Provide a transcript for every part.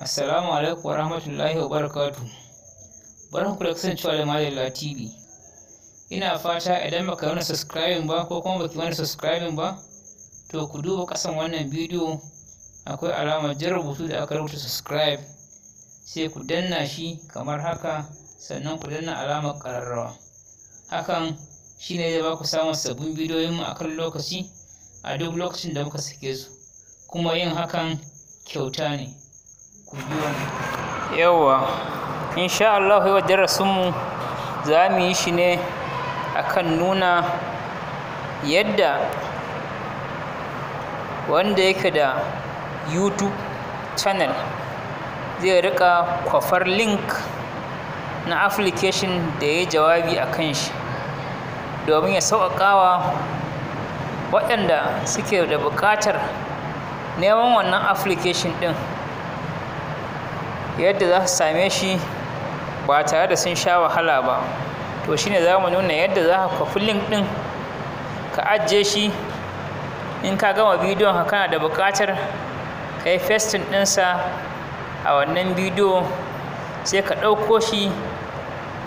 Assalamu alaikum wa rahmatullahi wa barakatu. Barkan ku da kasancewa da Malala TV. Ina fata idan baka wani subscribing ba ko kuma baki wani subscribing ba, to ku duba kasan wannan bidiyo akwai alamar jan rubutu da aka rubuta subscribe sai ku danna shi kamar haka sannan ku danna alamar kararrawa. Hakan shine zai ba ku samun sabbin bidiyoyinmu a kan lokaci a duk lokacin da muka sake su. Kuma yin hakan kyauta ne. yawwa insha Allah yau darasinmu za mu yi shi ne akan nuna yadda wanda yake da youtube channel zai rika kwafar link na application da ya jawabi a kan shi domin ya sauƙaƙawa waɗanda suke da buƙatar neman wannan application ɗin yadda za su same shi ba tare da sun sha wahala ba to shine za mu nuna yadda za ka kwafi link ɗin ka ajiye shi in ka gama bidiyon ka kana da buƙatar ka yi festin ɗinsa a wannan bidiyo sai ka ɗauko shi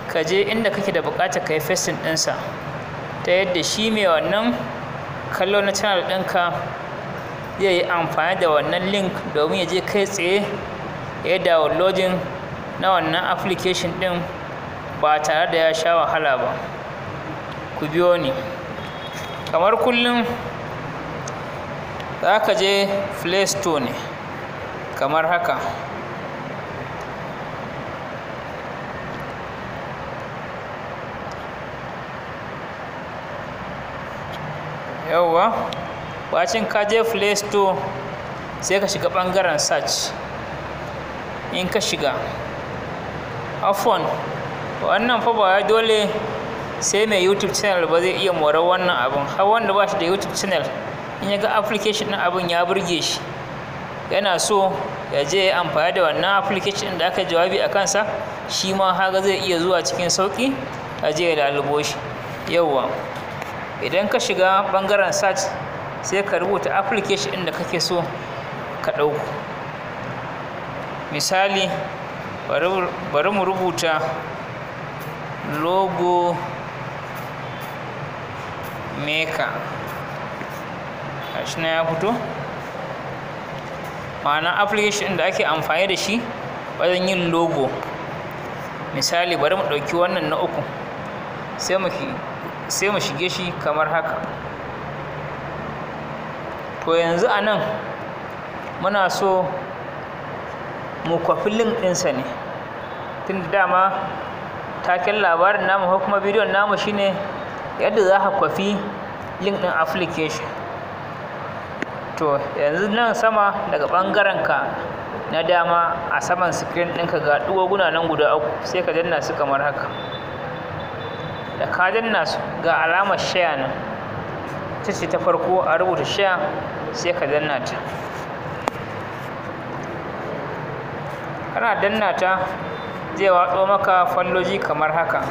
ka je inda kake da buƙatar ka yi festin ɗinsa ta yadda shi mai wannan kallo na channel ɗinka zai yi amfani da wannan link domin ya je kai tsaye ya downloadin na wannan application ɗin ba tare da ya sha wahala ba ku biyo ni kamar kullum za ka je play store ne kamar haka yauwa bacin ka je play store sai ka shiga ɓangaren search in ka shiga afon wannan fa ba dole sai mai youtube channel ba zai iya mora wannan abin har wanda ba shi da youtube channel in ya ga application ɗin abin ya burge shi yana so ya je ya amfani da wannan application da aka jawabi a kansa shi ma haga zai iya zuwa cikin sauki a je ya lalubo shi yawwa idan ka shiga ɓangaren search sai ka rubuta application ɗin da kake so ka ɗauko misali bari mu rubuta logo maker gashi na ya fito ma'ana application da ake amfani da shi wajen yin logo misali bari mu ɗauki wannan na uku sai mu sai mu shige shi kamar haka to yanzu a nan muna so mu kwafi link ɗinsa ne tun dama taken labarin namu ko kuma bidiyon namu shine yadda za ka kwafi link ɗin application to yanzu nan sama daga ɓangaren ka na dama a saman screen ɗinka ga ɗuwaguna nan guda uku sai ka danna su kamar haka da ka danna su ga alamar share nan ita ce ta farko a rubuta share sai ka danna ta kana danna ta zai watso maka falloji kamar haka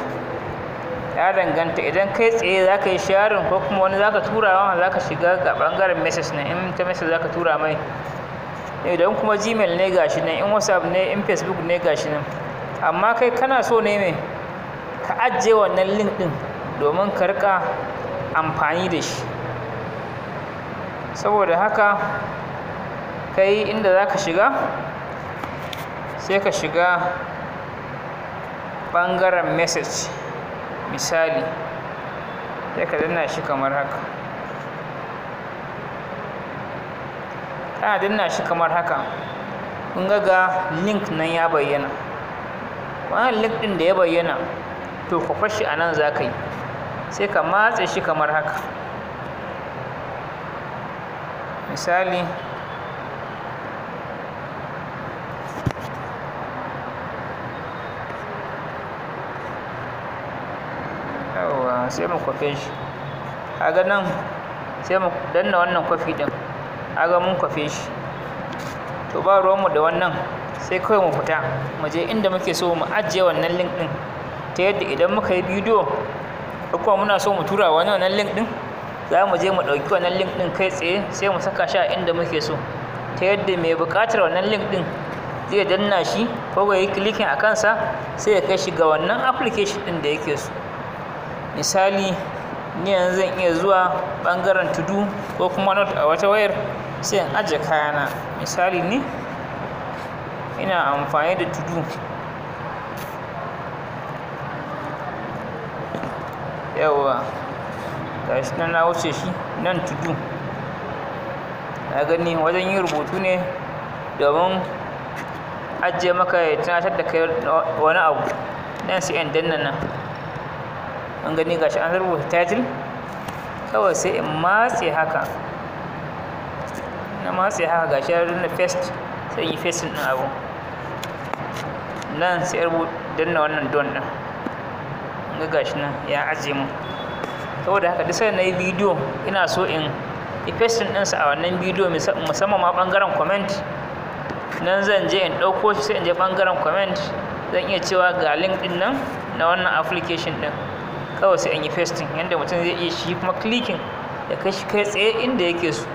ya danganta idan kai tsaye za ka yi sharin ko kuma wani za ka tura wa za ka shiga ga bangaren message na in ta message za ka tura mai idan kuma gmail ne ga shi nan in whatsapp ne in facebook ne ga shi nan amma kai kana so ne mai ka ajiye wannan link ɗin domin ka riƙa amfani da shi saboda haka kai inda za ka shiga sai ka shiga ɓangaren message misali sai ka danna shi kamar haka kana danna shi kamar haka kun ga ga link nan ya bayyana wannan link ɗin da ya bayyana to kwafar shi a nan za ka yi sai ka matse shi kamar haka misali sai mu kwafe shi nan sai mu danna wannan kwafi din aga mun kwafe shi to ba ruwanmu da wannan sai kawai mu fita mu je inda muke so mu ajiye wannan link din ta yadda idan muka yi bidiyo ko muna so mu tura wani wannan link din za mu je mu ɗauki wannan link din kai tsaye sai mu saka shi a inda muke so ta yadda mai buƙatar wannan link din zai danna shi ko ya yi clicking a kansa sai ya kai shi ga wannan application ɗin da yake so misali ni yanzu zan iya zuwa ɓangaren tudu ko kuma not a wata wayar sai in ajiye kayana misali ni ina amfani da tudu yawwa gashi nan na wuce shi nan tudu na gani wajen yin rubutu ne domin ajiye maka ya tunatar da kai wani abu nan sai yan danna nan an gani gashi an rubuta title kawai sai in matse haka na matse haka gashi ya rinna fest sai yi paste ɗin abu nan sai rubuta danna wannan don ɗin ga gashi nan ya ajiye mu saboda haka duk sai na yi bidiyo ina so in yi effectin sa a wannan bidiyo musamman ma ɓangaren comment nan zan je in ɗauko shi sai in je ɓangaren comment zan iya cewa ga link ɗin nan na wannan application ɗin kawai sai an yi pasting yadda mutum zai iya shi kuma clicking ya kai shi kai tsaye inda yake su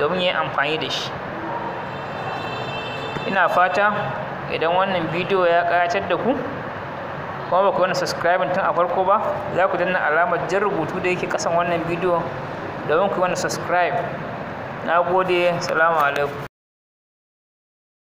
domin ya yi amfani da shi ina fata idan wannan bidiyo ya ƙayatar da ku kuma ba ku wani subscribing tun a farko ba za ku danna alamar jan rubutu da yake kasan wannan bidiyo domin ku wani subscribe na gode salamu alaikum